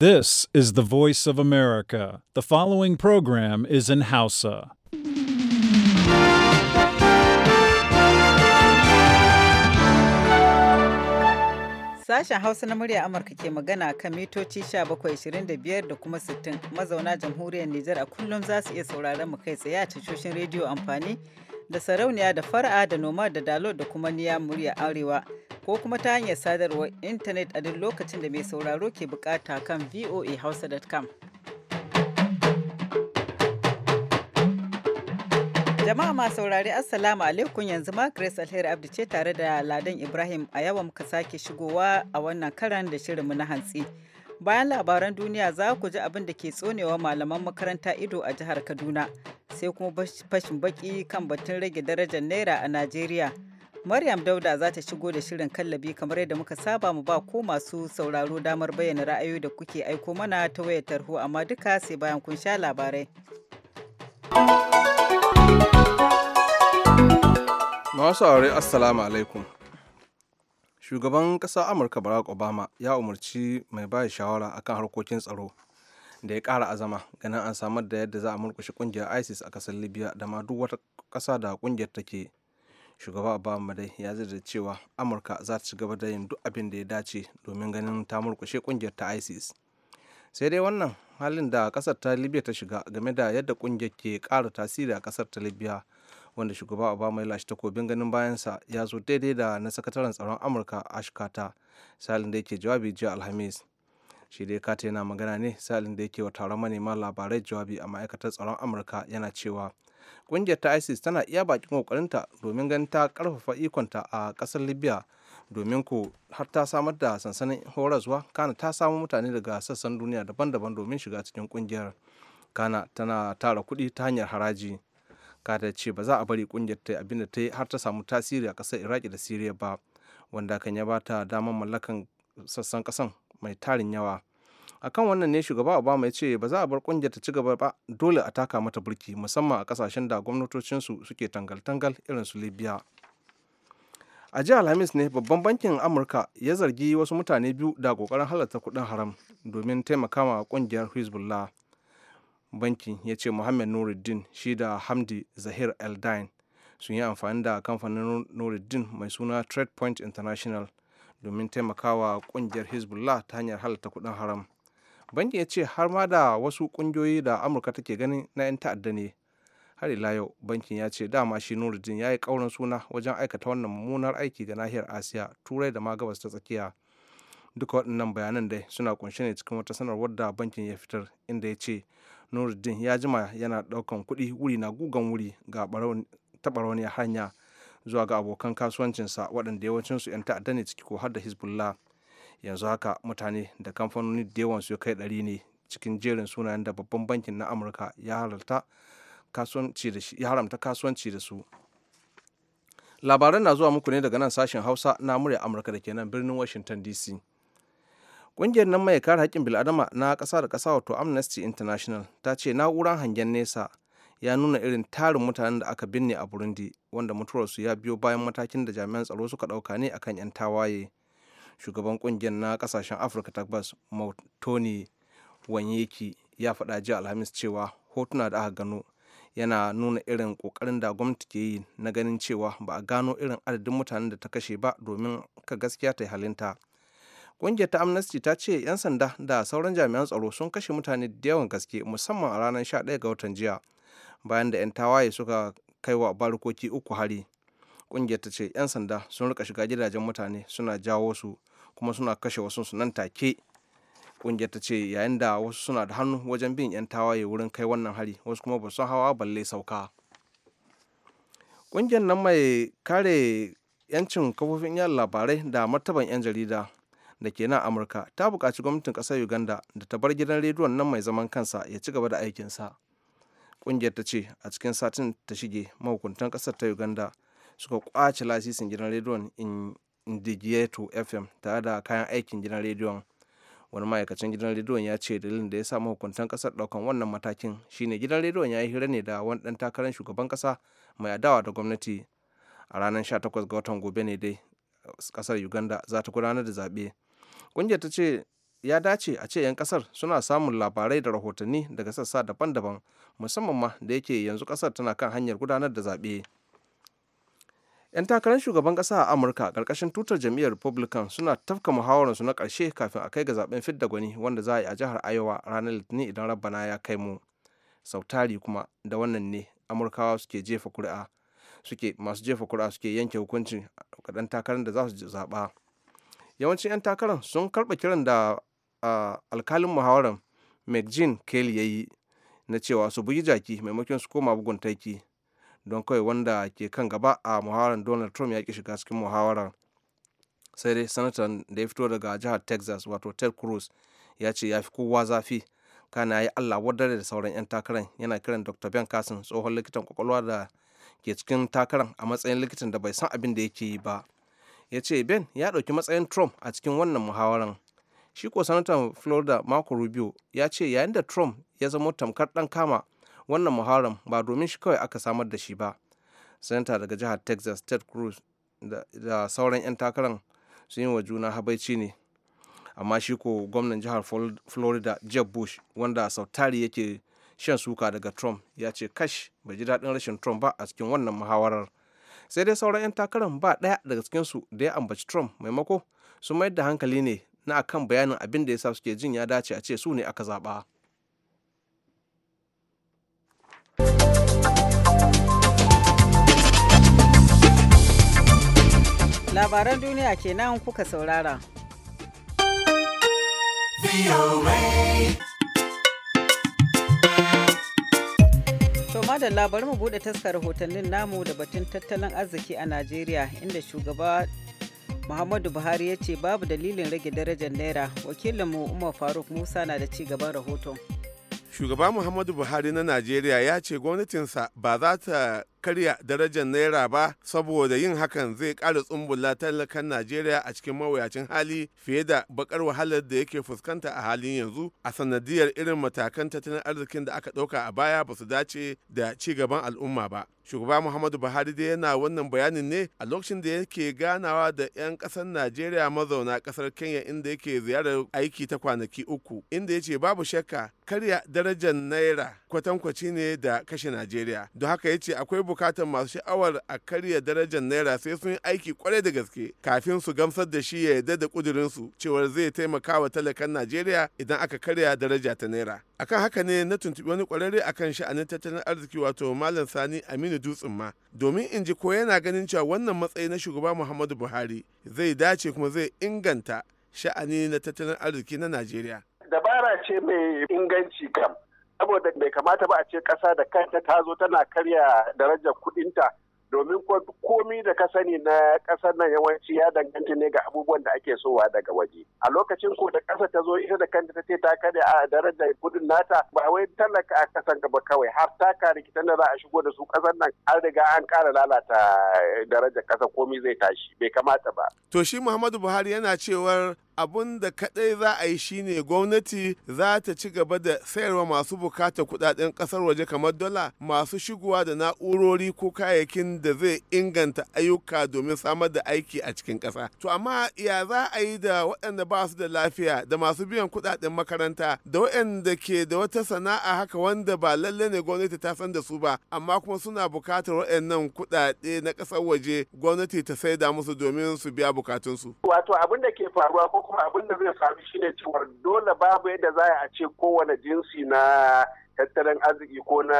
This is the voice of America. The following program is in Hausa. Sashen Hausa na murya Amurka ke magana kan mitoci 1725 da kuma 60 mazauna jamhuriyar Nijar a kullum za su iya sauraron mu kai tsaye a tashoshin rediyo amfani da sarauniya da far'a da noma da dalo da kuma niya murya arewa ko kuma ta hanyar sadarwar intanet a duk lokacin da mai sauraro ke bukata kan voahausa.com. jama'a ma saurari assalamu alaikum yanzu ma grace alheri abdu ce tare da ladan ibrahim a yawan ka sake shigowa a wannan karan da shirin mu na hantsi. Bayan labaran duniya za ku ji abin da ke tsonewa malaman makaranta ido a jihar Kaduna, sai kuma fashin baki kan batun rage darajar Naira a Najeriya. Maryam Dauda za ta shigo da shirin kallabi kamar yadda muka saba mu ba ko masu sauraro damar bayyana ra'ayoyi da kuke aiko mana ta wayar tarho amma duka sai bayan kun sha labarai. Masu aure Assalamu alaikum. shugaban ƙasar amurka barack obama ya umarci mai ba shawara akan harkokin tsaro da ya ƙara azama ganin an samar da yadda za a murkushe ƙungiyar isis a kasar libya da ma duk wata ƙasa da ƙungiyar take shugaba obama dai ya da cewa amurka za ta ci gaba da yin duk abin da ya dace domin ganin ta murkushe ƙungiyar ta isis sai dai wannan halin da ƙasar ta libya ta shiga game da yadda ƙungiyar ke kara tasiri a ƙasar ta libya wanda shugaba obama ya lashe takobin ganin bayansa ya zo daidai da na sakataren tsaron amurka ash carter salin da yake jawabi jiya alhamis shi dai kata yana magana ne salin da yake wa taron manema labarai jawabi a ma'aikatar tsaron amurka yana cewa kungiyar ta isis tana iya bakin kokarinta domin ganin ta karfafa ikonta a kasar libya domin ko har ta samar da sansanin horaswa kana ta samu mutane daga sassan duniya daban-daban domin shiga cikin kungiyar kana tana tara kuɗi ta hanyar haraji kada ce ba za a bari kungiyar ta abin da ta yi har ta samu tasiri a kasar iraki da siriya ba wanda kan ya bata damar mallakan sassan kasan mai tarin yawa akan wannan ne shugaba obama ya ce ba za a bar kungiyar ta ci gaba ba dole a taka mata burki musamman a kasashen da gwamnatocin su suke tangal-tangal irin su libya a jiya alhamis ne babban bankin amurka ya zargi wasu mutane biyu da kokarin halarta kudin haram domin taimaka taimakawa kungiyar hezbollah bankin ya ce muhammad nuruddin shi da hamdi zahir eldine sun yi amfani da kamfanin nuruddin mai suna trade point international domin taimakawa kungiyar hezbollah ta hanyar halatta kudin haram banki ya ce har ma da wasu kungiyoyi da amurka take gani na 'yan ta'adda ne har ila yau bankin ya ce dama shi nuruddin ya yi kaurin suna wajen aikata wannan mummunar aiki ga nahiyar asiya turai da ma gabas ta tsakiya duka waɗannan bayanan dai suna kunshe ne cikin wata sanarwar da bankin ya fitar inda ya ce nuruddin ya jima yana daukan kuɗi wuri na gugan wuri ga taɓarauniyar hanya zuwa ga abokan kasuwancinsa waɗanda yawancinsu 'yan ta'adda ne ciki ko har da hezbollah yanzu haka mutane da kamfanoni da yawan su kai ɗari ne cikin jerin sunayen da babban bankin na amurka ya haramta kasuwanci da su labaran na zuwa muku ne daga nan sashen hausa na murya amurka da ke nan birnin washington dc ƙungiyar nan mai kare haƙƙin bil'adama na ƙasa da ƙasa wato amnesty international ta ce na'urar hangen nesa ya nuna irin tarin mutanen da aka binne a burundi wanda mutuwarsu ya biyo bayan matakin da jami'an tsaro suka ɗauka ne akan 'yan tawaye shugaban ƙungiyar na ƙasashen afirka tabbas tony wanyeki ya faɗa jiya alhamis cewa hotuna da aka gano yana nuna irin kokarin da gwamnati ke yi na ganin cewa ba a gano irin adadin mutanen da ta kashe ba domin ka gaskiya ta yi halinta ƙungiyar ta amnesty ta ce 'yan sanda da sauran jami'an tsaro sun kashe mutane da yawan gaske musamman a ranar 11 ga watan jiya bayan da 'yan tawaye suka kai wa barkoki uku hari ƙungiyar ta ce 'yan sanda sun rika shiga gidajen mutane suna jawo su kuma suna kashe wasu su nan take ƙungiyar ta ce yayin da wasu suna da hannu wajen bin 'yan tawaye wurin kai wannan hari wasu kuma ba su hawa balle sauka ƙungiyar nan mai kare 'yancin kafofin yan labarai da martaban 'yan jarida da ke nan amurka ta buƙaci gwamnatin ƙasar uganda da ta bar gidan rediyon nan mai zaman kansa ya ci gaba da aikinsa ƙungiyar ta ce a cikin satin ta shige mahukuntan ƙasar ta uganda suka kwace lasisin gidan rediyon indigeto fm tare da kayan aikin gidan rediyon wani ma'aikacin gidan rediyon ya ce dalilin da ya sa mahukuntan kasar ɗaukan wannan matakin shine gidan rediyon ya yi hira ne da wani ɗan takarar shugaban ƙasa mai adawa da gwamnati a ranar 18 ga watan gobe ne dai kasar uganda za ta gudanar da zaɓe kungiyar ta ce ya dace a ce 'yan kasar suna samun labarai da rahotanni daga sassa daban-daban musamman ma da yake yanzu kasar tana kan hanyar gudanar da zaɓe. 'yan takarar shugaban ƙasa a amurka ƙarƙashin tutar jam'iyyar republican suna tafka muhawararsu na ƙarshe kafin a kai ga zaben fidda gwani wanda za a yi a jihar iowa ranar litinin idan rabbana ya kai mu sautari kuma da wannan ne amurkawa suke jefa kuri'a suke masu jefa kuri'a suke yanke hukunci ga ɗan takarar da za su zaɓa. yawancin 'yan takarar sun karɓa kiran da alkalin muhawarar mcginn kelly ya yi na cewa su bugi jaki maimakon su koma bugun taiki don kawai wanda ke kan gaba a muhawarar donald trump ya ki shiga cikin muhawarar sai dai sanatan da ya fito daga jihar texas wato ted cruz ya ce ya fi kowa zafi kana ya yi allah wadare da sauran 'yan takarar yana kiran dr ben carson tsohon likitan kwakwalwa da ke cikin takarar a matsayin likitan da bai san abin da yake yi ba ya ce ben ya ɗauki matsayin trump a cikin wannan muhawaran shi ko sanatan florida marco rubio ya ce yayin da trump ya zama tamkar ɗan kama wannan muhawaran ba domin shi kawai aka samar da shi ba sanata daga jihar texas ted cruz da, sauran 'yan takarar sun yi wa juna habaici ne amma shi ko gwamnan jihar florida jeb bush wanda sautari yake shan suka daga trump ya ce kash bai ji daɗin rashin trump ba a cikin wannan muhawarar sai dai sauran 'yan takarar ba ɗaya daga cikinsu da ya ambaci trump maimako su mayar da hankali ne na akan bayanin abin da ya sa suke jin ya dace a ce su ne aka zaɓa. labaran duniya kenan kuka saurara. da labar mu bude taskar rahotannin namu da batun tattalin arziki a najeriya inda shugaba muhammadu buhari ya ce babu dalilin rage darajar naira wakilinmu umar faruk musa na da ci gaban rahoton shugaba muhammadu buhari na najeriya ya ce gwamnatinsa ba za ta karya darajar naira ba saboda yin hakan zai ƙara tsumbula talakan najeriya a cikin mawuyacin hali fiye da bakar wahalar da yake fuskanta a halin yanzu a sanadiyar irin matakan tattalin arzikin da aka ɗauka a baya ba su dace da ci gaban al'umma ba shugaba muhammadu buhari da yana wannan bayanin ne a lokacin da yake ganawa da 'yan ƙasar najeriya mazauna ƙasar kenya inda yake ziyarar aiki ta kwanaki uku inda ya ce babu shakka karya darajar naira kwatankwaci ne da kashe najeriya don haka ya ce akwai bukatar masu sha'awar a karya darajar naira sai sun yi aiki kwarai da gaske kafin su gamsar da shi ya yarda da kudurinsu cewar zai taimaka wa talakan najeriya idan aka karya daraja ta naira akan haka ne na tuntubi wani kwararre akan sha'anin tattalin arziki wato malam sani aminu dutsen ma domin in ji ko yana ganin cewa wannan matsayi na shugaba muhammadu buhari zai dace kuma zai inganta sha'ani na tattalin arziki na najeriya dabara ce mai inganci kam saboda bai kamata ba a ce kasa da kanta ta zo tana karya darajar kuɗinta domin komi da ka sani na kasar nan yawanci ya danganta ne ga abubuwan da ake sowa daga waje a lokacin ko da kasa ta zo ita da kanta ta ce ta karya a darajar kudin nata ba wai talaka a ƙasan gaba kawai har ta kare kitan da za a shigo da su kasar nan har riga an kara lalata eh, darajar kasa komi zai tashi bai kamata ba to shi muhammadu buhari yana cewar abun da kadai za a yi shine gwamnati za ta ci gaba da sayarwa masu bukatar kudaden kasar waje kamar dola masu shigowa da na'urori ko kayayyakin da zai inganta ayyuka domin samar da aiki a cikin kasa to amma ya za a yi da waɗanda ba su da lafiya da masu biyan kudaden makaranta da waɗanda ke da wata sana'a haka wanda ba lalle ne gwamnati ta san da su ba amma kuma suna bukatar waɗannan kudade na kasar waje gwamnati ta saida musu domin su biya bukatunsu wato abin da ke faruwa ko kuma abin da zai sami ne cewar dole babu yadda za a ce kowane jinsi na tattalin arziki ko na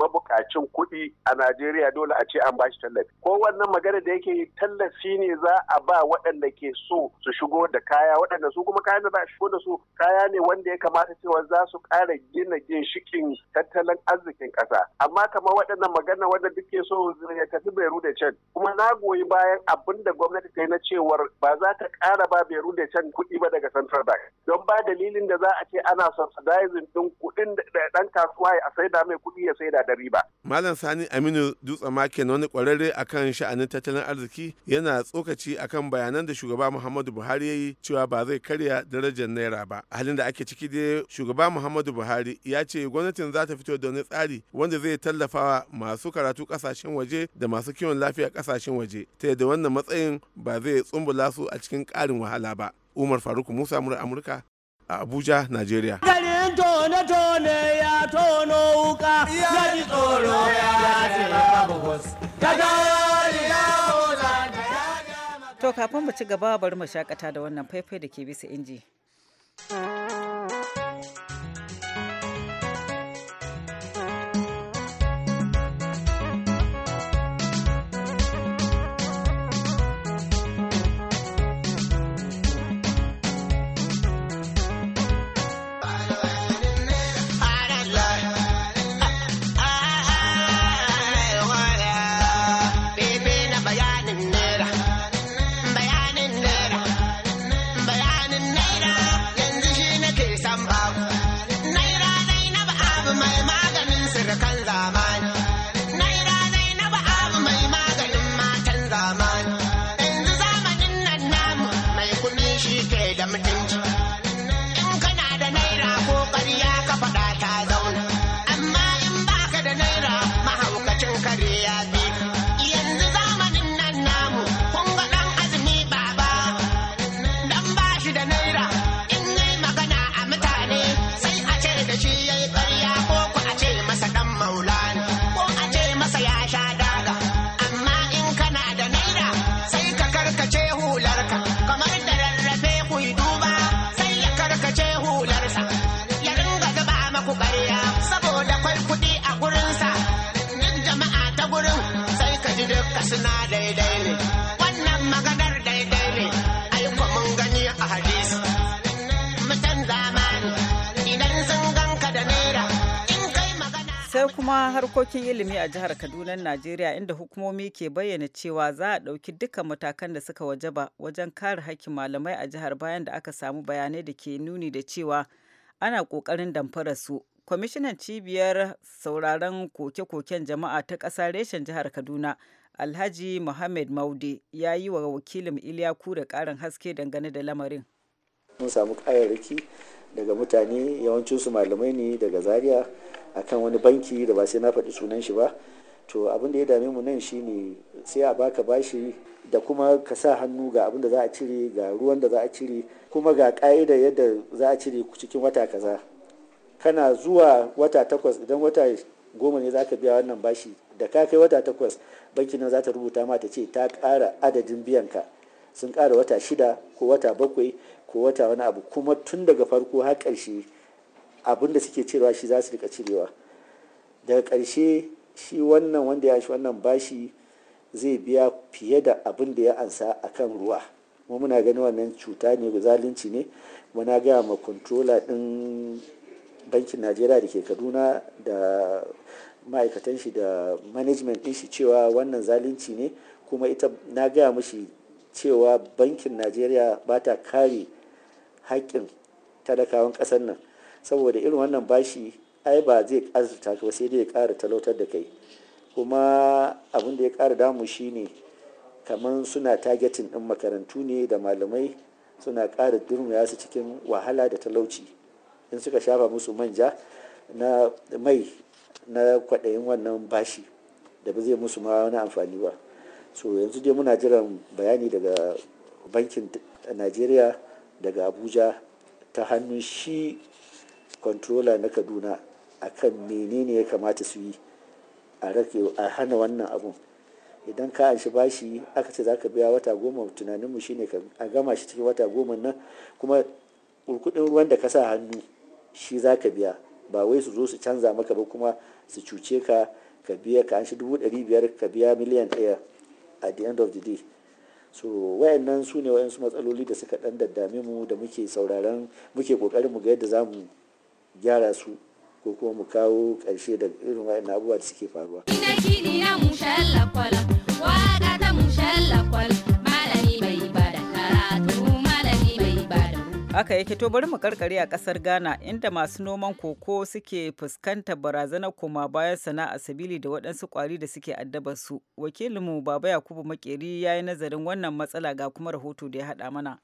mabukacin kuɗi a Najeriya dole a ce an bashi tallafi. Ko wannan magana da yake tallafi ne za a ba waɗanda ke so su shigo da kaya waɗanda su kuma kayan da za a shigo da su kaya ne wanda ya kamata cewa za su ƙara gina ginshikin tattalin arzikin ƙasa. Amma kamar waɗannan magana wanda duk duke so ya tafi Beru da can. Kuma na goyi bayan abin da gwamnati ta yi na cewar ba za ta ƙara ba Beru da can kuɗi ba daga Central Bank. Don ba dalilin da za a ce ana subsidizing ɗin kuɗin dan kasuwa ya da mai kuɗi ya sai da riba. Malam Sani Aminu Dutse Maken wani kwararre akan sha'anin tattalin arziki yana tsokaci akan bayanan da shugaba Muhammadu Buhari ya yi cewa ba zai karya darajar naira ba. A halin da ake ciki dai shugaba Muhammadu Buhari ya ce gwamnatin za ta fito da wani tsari wanda zai tallafawa masu karatu kasashen waje da masu kiwon lafiya kasashen waje ta yadda wannan matsayin ba zai tsumbula su a cikin ƙarin wahala ba. Umar Faruk Musa Amurka a Abuja, Najeriya. tone-tone ya tono wuƙa ya tsoro ya ce ta to kafin mu ci gaba bari mu shakata da wannan faifai da ke bisa inji. kuma harkokin ilimi a jihar Kaduna, Najeriya inda hukumomi ke bayyana cewa za a ɗauki dukkan matakan da suka wajaba wajen kare hakkin malamai a jihar bayan da aka samu bayanai da ke nuni da cewa ana ƙoƙarin damfara su. Kwamishinan cibiyar sauraron koke-koken jama'a ta ƙasa reshen jihar Kaduna, Alhaji Muhammad Maude ya yi wa wakilin Iliya Kure ƙarin haske dangane da lamarin. Mun samu daga mutane yawancinsu malamai ne daga zaria akan wani banki da ba sai na faɗi sunan shi ba to abin da ya dame mu nan shi ne sai a baka bashi da kuma ka sa hannu ga abin da za a cire ga ruwan da za a cire kuma ga ƙa'idar yadda za a cire cikin wata kaza kana zuwa wata takwas idan wata goma ne za ka biya wannan bashi da ka kai wata takwas banki nan za ta rubuta ma ta ce ta ƙara adadin biyan ka sun ƙara wata shida ko wata bakwai ko wata wani abu kuma tun daga farko har ƙarshe abin da suke cewa shi za su rika cirewa daga karshe shi wannan wanda ya shi wannan bashi zai biya fiye da abin da ya ansa a kan ruwa mu muna ganin wannan cuta ne zalunci ne muna gaya ma kontrola din bankin najeriya da ke kaduna da ma'aikatan shi da management din shi cewa wannan zalunci ne kuma ita na gaya mushi cewa bankin najeriya ba ta kare haƙƙin talakawan ƙasar nan saboda irin wannan bashi ai ba zai azurta ka ba sai dai ya ƙara talautar da kai kuma abin da ya ƙara damu shine kamar suna targetin ɗin makarantu ne da malamai suna ƙara durmaya su cikin wahala da talauci in suka shafa musu manja na mai na kwaɗayin wannan bashi da ba zai musu ma wani amfani ba so yanzu dai muna jiran bayani daga bankin najeriya daga abuja ta hannun shi controller na kaduna a akan menene ya kamata su yi a hana wannan abun idan ka an shi bashi aka ce za ka biya wata goma tunaninmu shine a gama shi cikin wata goma nan kuma kudin ruwan da ka sa hannu shi za ka biya ba wai su zo su canza maka ba kuma su cuce ka ka biya ka an shi dubu ɗari biyar ka biya miliyan ɗaya at the end of the day so sune su ne wayansu matsaloli da suka dan daddame mu da muke sauraron muke kokarin mu ga yadda za mu gyara su ko kuma mu kawo ƙarshe da irin wayan abubuwa da suke faruwa. Ina shi ni ya mushe lakwala, waka ta mushe lakwala. Haka yake to bari mu karkare a kasar Ghana inda masu noman koko suke fuskantar barazanar koma bayan sana'a sabili da waɗansu kwari da suke addabar su. Wakilinmu Baba Yakubu Makeri ya yi nazarin wannan matsala ga kuma rahoto da ya haɗa mana.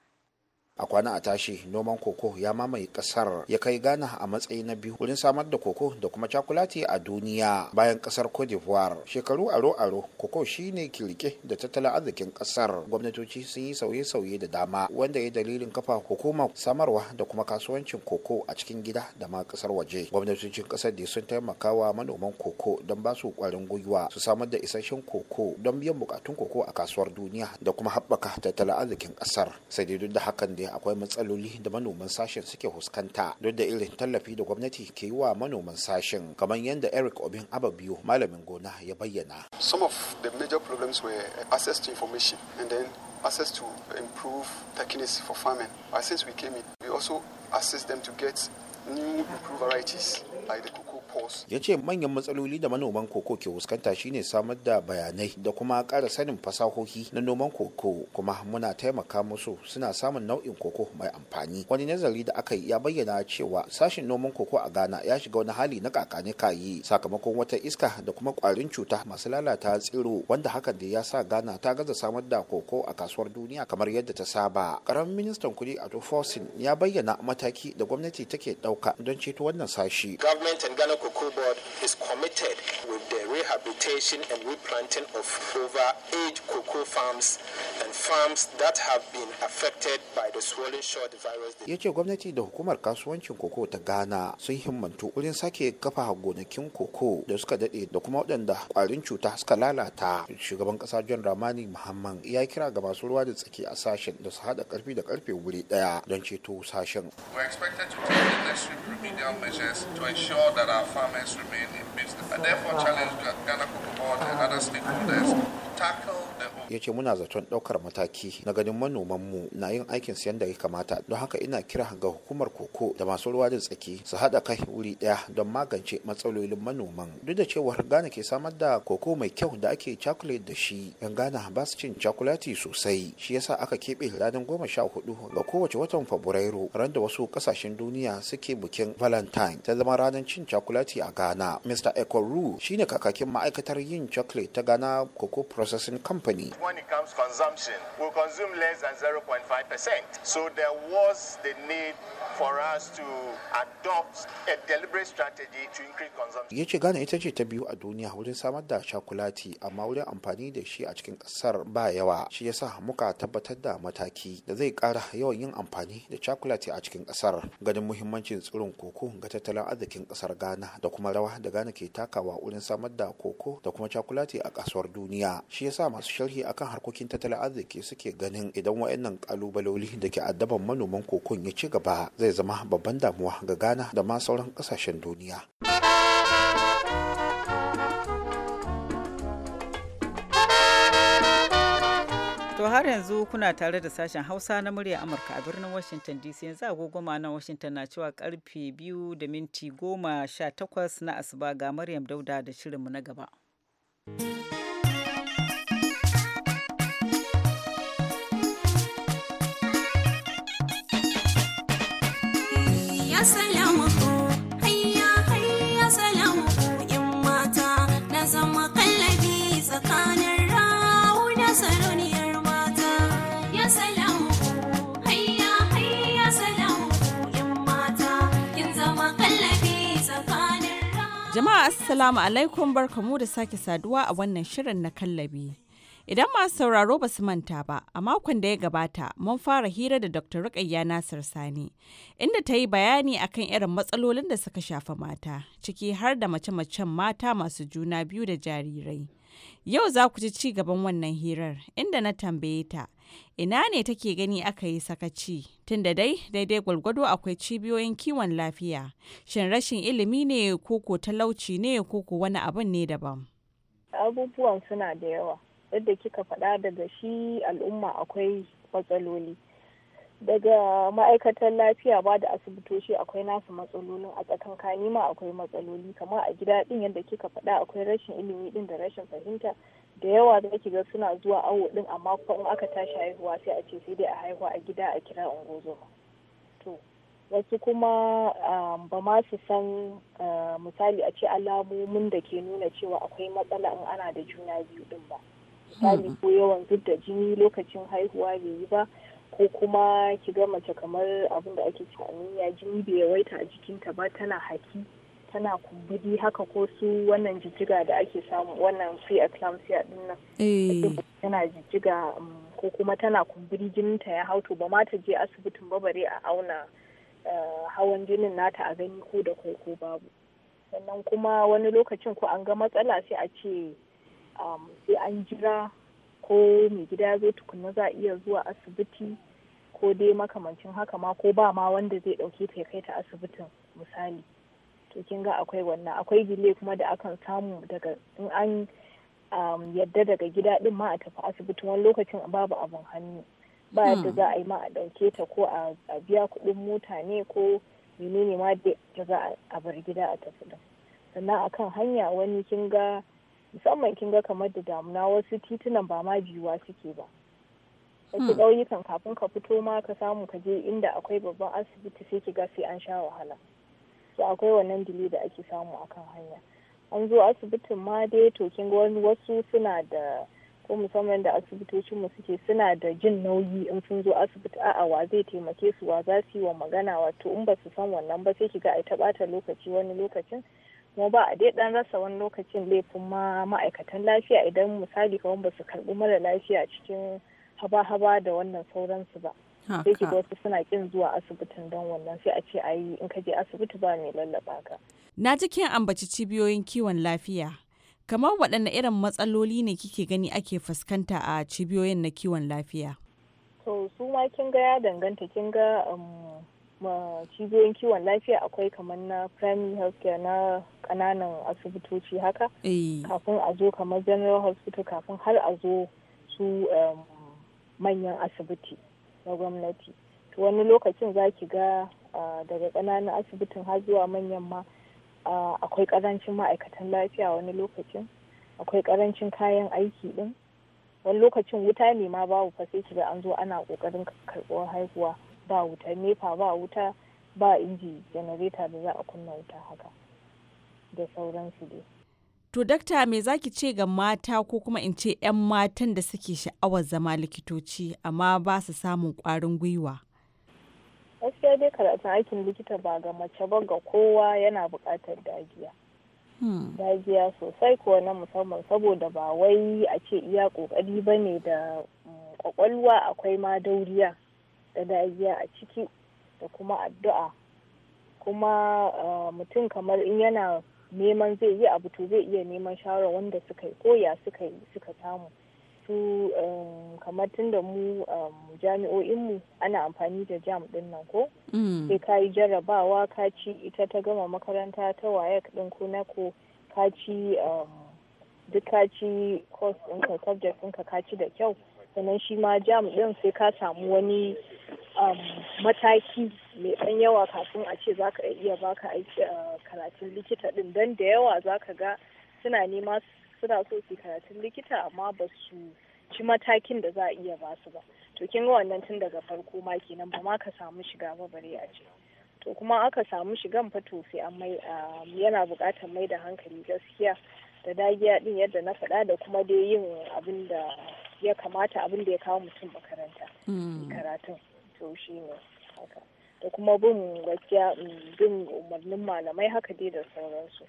a kwana a tashi noman koko ya mamaye kasar ya kai ghana a matsayi na biyu wurin samar da koko da kuma cakulati a duniya bayan kasar cote d'ivoire shekaru aro aro koko shine kirke da tattalin arzikin kasar gwamnatoci sun yi sauye-sauye da dama wanda ya dalilin kafa hukumar samarwa da kuma kasuwancin koko a cikin gida da ma kasar waje gwamnatocin kasar da sun taimaka wa manoman koko don ba su kwarin gwiwa su samar da isasshen koko don biyan bukatun koko a kasuwar duniya da kuma haɓaka tattalin arzikin kasar sai dai duk da hakan da akwai matsaloli da manoman sashen suke huskanta duk da irin tallafi da gwamnati ke yi wa manoman sashen kamar yadda Eric Obin Ababiyo malamin gona ya bayyana. Some of the major problems were access to information and then access to improve techniques for farming. But since we came in, we also assist them to get new improved varieties like the ya ce manyan matsaloli da manoman koko ke fuskanta shine samar da bayanai da kuma ƙara sanin fasahohi na noman koko kuma muna taimaka musu suna samun nau'in koko mai amfani wani nazari da aka yi ya bayyana cewa sashin noman koko a ghana ya shiga wani hali na kakane kayi sakamakon wata iska da kuma ƙwarin cuta masu lalata tsiro wanda hakan da ya sa ghana ta gaza samar da koko a kasuwar duniya kamar yadda ta saba karamin ministan kuɗi a fosin ya bayyana mataki da gwamnati take ɗauka don ceto wannan sashi Kokoko Board is committed with the rehabilitation and replanting of over eight cocoa farms and farms that have been affected by the swollen shot virus. Ya ce gwamnati da hukumar kasuwancin koko ta Ghana sun himmantu wurin sake kafa gonakin koko da suka dade da kuma waɗanda kwarin cuta suka lalata. Shugaban ƙasa John Ramani Muhammad ya kira ga masu ruwa da tsaki a sashen da su haɗa ƙarfi da ƙarfe wuri ɗaya don ceto sashen. We're expected to take the necessary remedial measures to ensure that our farmers remain in business. and therefore challenge Ghana Cocoa Board and other stakeholders to tackle ya ce muna zaton ɗaukar mataki na ganin manoman mu na yin aikin siyan da ya kamata don haka ina kira ga hukumar koko da masu ruwa da tsaki su haɗa kai wuri ɗaya don magance matsalolin manoman duk da cewar ghana ke samar da koko mai kyau da ake cakulet da shi yan ghana ba su cin cakulati sosai shi yasa aka keɓe ranar goma sha hudu ga kowace watan fabrairu ran da wasu ƙasashen duniya suke bikin valentine ta zama ranar cin cakulati a ghana mr ekoru shine kakakin ma'aikatar yin chocolate ta ghana cocoa processing company 0.5%. So there was the need for us to adopt a deliberate strategy to increase consumption. Ya ce Ghana ita ce ta biyu a duniya wurin samar da cakulati amma wurin amfani da shi a cikin kasar ba yawa. Shi ya sa muka tabbatar da mataki da zai kara yawan yin amfani da cakulati a cikin kasar. Ganin muhimmancin tsirin koko ga tattalin arzikin kasar Ghana da kuma rawa da Ghana ke takawa wurin samar da koko da kuma shakulati a kasuwar duniya. Shi ya sa masu sharhi akan harkokin tattalin arziki suke ganin idan wayannan kalubaloli da ke addaban manoman kokon ya ci gaba zai zama babban damuwa ga Ghana da ma sauran kasashen duniya. To har yanzu kuna tare da sashen Hausa na murya Amurka a birnin Washington DC yanzu agogoma na Washington na cewa karfe biyu da minti goma sha takwas na asuba ga Maryam Dauda da shirinmu na gaba. Jama'a Assalamu alaikum barkamu da sake saduwa a wannan shirin na kallabi. Idan masu sauraro ba su manta ba, a makon da ya gabata mun fara hira da Dr. Rukayya Nasir Sani, inda ta yi bayani akan irin matsalolin da suka shafa mata, ciki har da mace-macen mata masu juna biyu da jarirai. Yau za ku ji ci gaban wannan hirar inda na tambaye ta ina ne take gani aka yi sakaci tunda dai daidai gwalgwado akwai cibiyoyin kiwon lafiya shin rashin ilimi ne ko ko talauci ne ko ko wani abun ne daban. Abubuwan suna da yawa yadda kika faɗa daga shi al'umma akwai matsaloli daga ma'aikatan lafiya ba da asibitoci akwai nasu matsalolin a tsakankani ma akwai matsaloli kamar a gida din yadda kika faɗa akwai rashin ilimi din da rashin fahimta da yawa da ki ga suna zuwa awo din amma kuma in aka tashi haihuwa sai a ce sai dai a haihuwa a gida a kira ungozoma to wasu kuma um, ba ma su san uh, misali a ce alamomin da ke nuna cewa akwai matsala in ana da juna biyu din ba hmm. misali ko yawan zubda jini lokacin haihuwa bai yi ba ko kuma ki ga mace kamar abin da ake cewa ya jini bai yawaita a jikinta ba tana haki tana kumburi haka ko su wannan jijjiga da ake samu wannan free eclampsia din nan eh. tana jijjiga um, ko kuma tana kumburi jininta ya hauto ba ma ta je asibitin ba bare a auna eh, hawan jinin nata a gani ko da kai ko babu sannan kuma wani lokacin ko an ga matsala sai a ce um, sai an jira ko mai gida zai zo tukunna za a iya zuwa asibiti ko dai makamancin haka ma ko ba ma wanda zai ɗauke ta ya kai ta asibitin misali to kin ga akwai wannan akwai gile kuma da akan samu daga in an um, yadda daga gida din ma a tafi asibiti wani lokacin babu abin hannu ba hmm. yadda za a yi ma a ɗauke ta ko a biya kuɗin mota ne ko menene ma da za a bar gida a tafi din sannan akan hanya wani kin ga musamman kin ga kamar da damuna wasu titunan ba ma biyuwa suke ba wasu hmm. ƙauyukan kafin ka fito ma ka samu ka je inda akwai babban asibiti sai ki ga sai an sha wahala so akwai wannan dile da ake samu akan hanya an zo asibitin ma dai to kin ga wasu suna da ko musamman da asibitocinmu suke suna da jin nauyi in sun zo asibiti a'a wa zai taimake su wa za su yi wa magana wato in ba su san wannan ba sai ki ga ai ta ɓata lokaci wani lokacin kuma ba a dai dan rasa wani lokacin laifin ma ma'aikatan lafiya idan misali kamar ba su karbi mara lafiya cikin haba-haba da wannan sauransu ba sai ki wasu suna kin zuwa asibitin don wannan sai a ce ayi in ka je asibiti ba mai lallaba ka na ji kin ambaci cibiyoyin kiwon lafiya kamar waɗanne irin matsaloli ne kike gani ake fuskanta a cibiyoyin na kiwon lafiya to su ma kin ga ya danganta kin ga um, ma cibiyoyin kiwon lafiya akwai kamar na primary healthcare na kananan asibitoci haka eh. kafin a zo kamar general hospital kafin har a zo su um, manyan asibiti na gwamnati to wani lokacin za ki ga daga kananan asibitin har zuwa manyan ma akwai karancin ma'aikatan lafiya wani lokacin akwai karancin kayan aiki din wani lokacin wuta ne ma babu fa sai ki an zo ana kokarin karbuwar haihuwa ba wuta nepa ba wuta ba inji janareta da za a kunna wuta haka da su dai to dakta me zaki ce ga mata ko kuma in ce 'yan matan da suke sha'awar zama likitoci amma ba su samun kwarin gwiwa gaskiya dai karatun aikin likita ba ga mace ba ga kowa yana buƙatar dagiya hmm. dagiya sosai kuwa na musamman saboda ba wai a ce iya ƙoƙari ba ne da mm, ƙwaƙwalwa akwai ma dauriya da dagiya a ciki da kuma addu'a kuma eh, mutum kamar in yana neman zai yi abu to zai iya neman shawarar wanda suka yi koya suka yi suka samu su eh, kamar tun da mu eh, jami'o'inmu ana amfani da jam din nan ko mm. sai ka yi jarrabawa ka ci ita ta gama makaranta ta waye din ko na ko ka ci duk ka ci course ɗinka subject ɗinka ka ci da kyau sannan shi ma jam ɗin sai ka samu wani um, mataki mai ɗan yawa kafin a ce za ka iya baka uh, karatun likita ɗin don da yawa za ka ga suna nema suna so su karatun likita amma ba su ci matakin da za a iya ba su ba to kin ga wannan tun daga farko ma kenan ba ma ka samu shiga ba bare a ce to kuma aka samu shigan fa to sai an mai um, yana buƙatar mai da hankali gaskiya da dagiya din yadda na faɗa da kuma dai yin abin da ya kamata abin da ya kawo mutum makaranta hmm. karatun to shi ne haka da kuma bin gaskiya mm, bin umarnin malamai haka dai da sauransu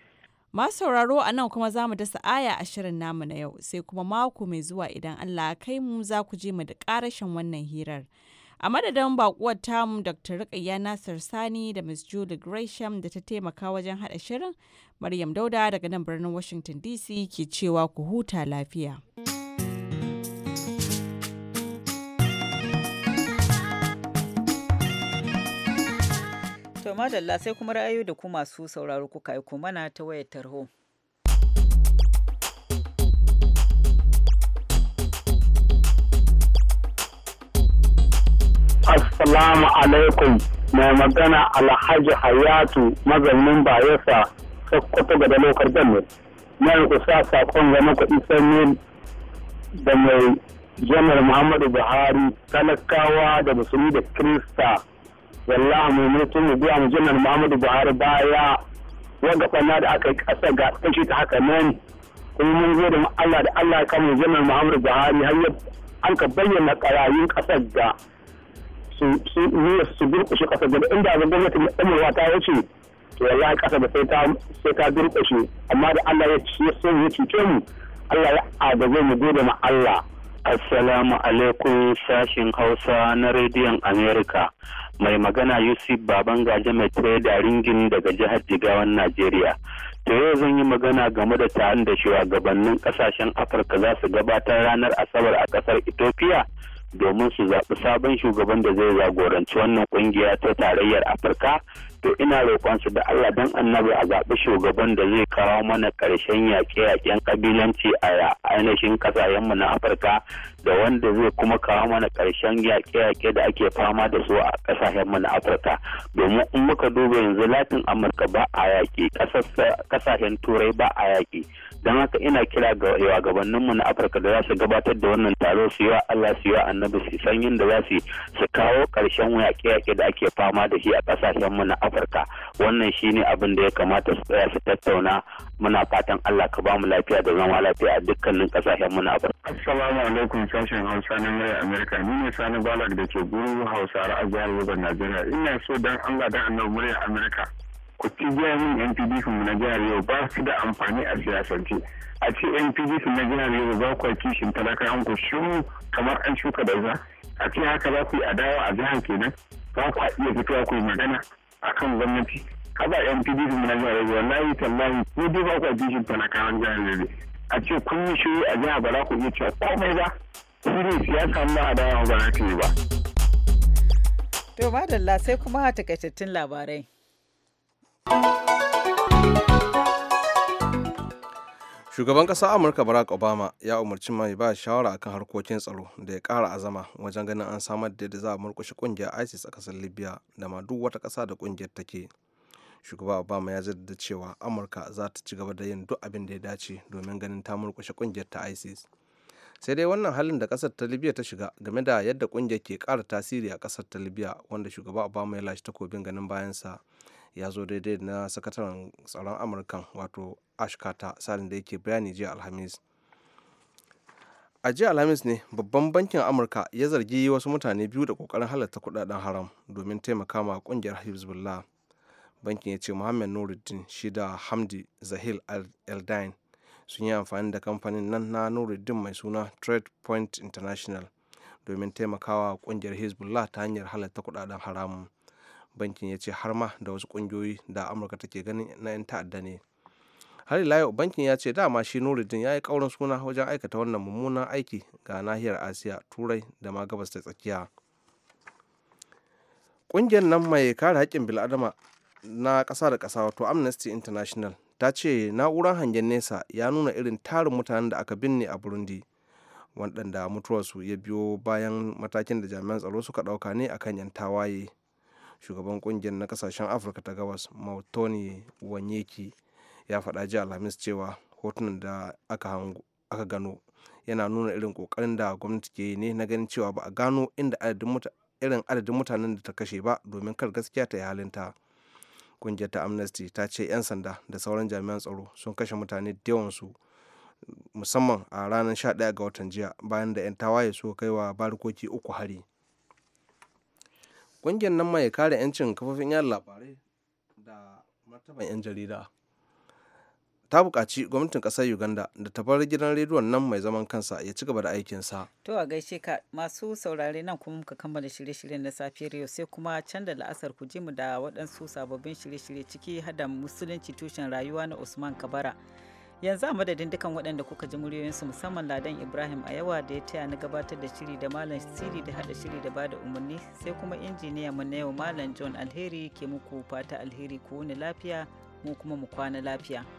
masu sauraro a nan kuma za mu dasa aya a shirin namu na yau sai kuma mako mai zuwa idan allah kai mu za ku je mu da karashin wannan hirar a madadin bakuwar tamu dr rukayya nasir sani da ms julie gresham da ta taimaka wajen hada shirin maryam dauda daga nan birnin washington dc ke cewa ku huta lafiya. To madalla sai kuma ra'ayoyi da ku masu sauraro kuka aiko mana ta wayar tarho. Assalamu alaikum mai magana Alhaji Hayatu mazaunin Bayelsa sakkwato ga dalokar Bello. Mai ku sakon zama kuɗi sanyi da mai janar Muhammadu Buhari talakawa da musulmi da Kirista wallahi mu mutum mu biya jinnan Muhammadu Buhari baya wanda kwana da aka yi ƙasa ga kashi ta haka nan kuma mun gode mu Allah da Allah kan jinnan Muhammadu Buhari har an ka bayyana ƙarayun ƙasar ga su su su durƙushe ƙasar da inda ga gwamnati mai ta wuce to wallahi ƙasar da sai ta sai ta amma da Allah ya ci so ya cuce mu Allah ya adabe mu gode ma Allah Assalamu alaikum sashin Hausa na rediyon Amerika. mai magana yusuf baban gaje mai da ringin daga jihar jigawan najeriya to yau zan yi magana game da taron da shugabannin kasashen afirka za su gabatar ranar asabar a kasar ethiopia domin su zaɓi sabon shugaban da zai zagoranci wannan kungiya ta tarayyar afirka to ina roƙon da Allah dan annabi a zaɓi shugaban da zai kawo mana ƙarshen yaƙe-yaƙen ƙabilanci a ainihin ƙasashenmu na Afirka da wanda zai kuma kawo mana ƙarshen yaƙe-yaƙe da ake fama da su a ƙasashenmu na Afirka domin in muka duba yanzu Latin Amurka ba a yaƙi ƙasashen Turai ba a yaƙi don haka ina kira ga gabaninmu na Afirka da za su gabatar da wannan taro su yi wa Allah su yi wa annabi su san yadda za su kawo ƙarshen yaƙe-yaƙe da ake fama da shi a ƙasashenmu na afirka wannan ne abin da ya kamata su tsaya su tattauna muna fatan allah ka bamu lafiya da zama lafiya a dukkanin kasashen muna afirka assalamu alaikum sashen hausa na mai amerika ni ne sani balak da ke guru hausa a jihar yobe najeriya ina so dan allah da annabi murya amerika ku ci min yan pdp na jihar yau ba su da amfani a siyasance a ce yan pdp na jihar yau ba kwa kishin an ku shiru kamar an shuka da za a ce haka za ku yi adawa a jihar kenan ba kwa iya fitowa ku yi magana akan gwamnati kada yan pdp na jihar na yi tallahi ko dai ba ku a jishin jihar yobe a ce kun yi shiru a jihar ba za ku iya cewa komai ba shi ne siyasa ma a dawa ba za ta ba. to madalla sai kuma a takaitattun labarai. shugaban ƙasar amurka barack obama ya umarci mai ba shawara akan harkokin tsaro da ya ƙara azama wajen ganin an samar da yadda za a murkushe ƙungiyar isis a ƙasar libya da ma duk wata ƙasa da ƙungiyar take shugaba obama ya zarda cewa amurka za ta ci gaba da yin duk abin da ya dace domin ganin ta murkushe ƙungiyar ta isis sai dai wannan halin da ƙasar ta libya ta shiga game da yadda ƙungiyar ke ƙara tasiri a ƙasar ta libya wanda shugaba obama ya lashe takobin ganin bayansa ya zo daidai na sakataren tsaron amurkan wato ashkata salin da yake bayani jiya alhamis a jiya alhamis ne babban bankin amurka ya zargi wasu mutane biyu da kokarin halarta kudaden haram domin taimaka ma kungiyar hezbollah bankin ya ce muhammad nuruddin shi da hamdi zahil eldine sun yi amfani da kamfanin nan na nuruddin mai suna trade point international domin taimakawa kungiyar hezbollah ta hanyar halarta kudaden haramun bankin ya ce har ma da wasu kungiyoyi da amurka take ganin na 'yan ta'adda ne har ila yau bankin ya ce dama shi nuruddin ya yi kaurin suna wajen aikata wannan mummunan aiki ga nahiyar asiya turai da ma gabas ta tsakiya ƙungiyar nan mai kare haƙƙin bil'adama na ƙasa da ƙasa wato amnesty international ta ce na'urar hangen nesa ya nuna irin tarin mutanen da aka binne a burundi waɗanda mutuwarsu ya biyo bayan matakin da jami'an tsaro suka ɗauka ne akan yan tawaye shugaban ƙungiyar na ƙasashen afirka ta gabas mautoni wanyeki ya faɗa jiya alhamis cewa hotunan da aka gano yana nuna irin kokarin da gwamnati ke yi ne na ganin cewa ba a gano inda irin adadin mutanen da ta kashe ba domin kar gaskiya ta yi halinta ƙungiyar ta amnesty ta ce 'yan sanda da sauran jami'an tsaro sun kashe mutane da su musamman a ranar 11 ga watan jiya bayan da 'yan tawaye suka kai wa barikoki uku hari ƙungiyar nan mai kare 'yancin kafofin yari labarai da martaban 'yan jarida ta buƙaci gwamnatin ƙasar uganda da ta bar gidan rediyon nan mai zaman kansa ya ci gaba da aikinsa to a gaishe ka masu saurare nan kuma muka kammala shirye-shiryen na safiyar yau sai kuma can da la'asar ku ji mu da waɗansu sababbin shirye-shirye ciki hada musulunci tushen rayuwa na usman kabara yanzu a madadin dukan waɗanda kuka ji muryoyinsu musamman ladan ibrahim a yawa da ya taya na gabatar da shiri da malam siri da hada shiri da bada umarni sai kuma injiniya mu na yau malam john alheri ke muku fata alheri ku wuni lafiya mu kuma mu kwana lafiya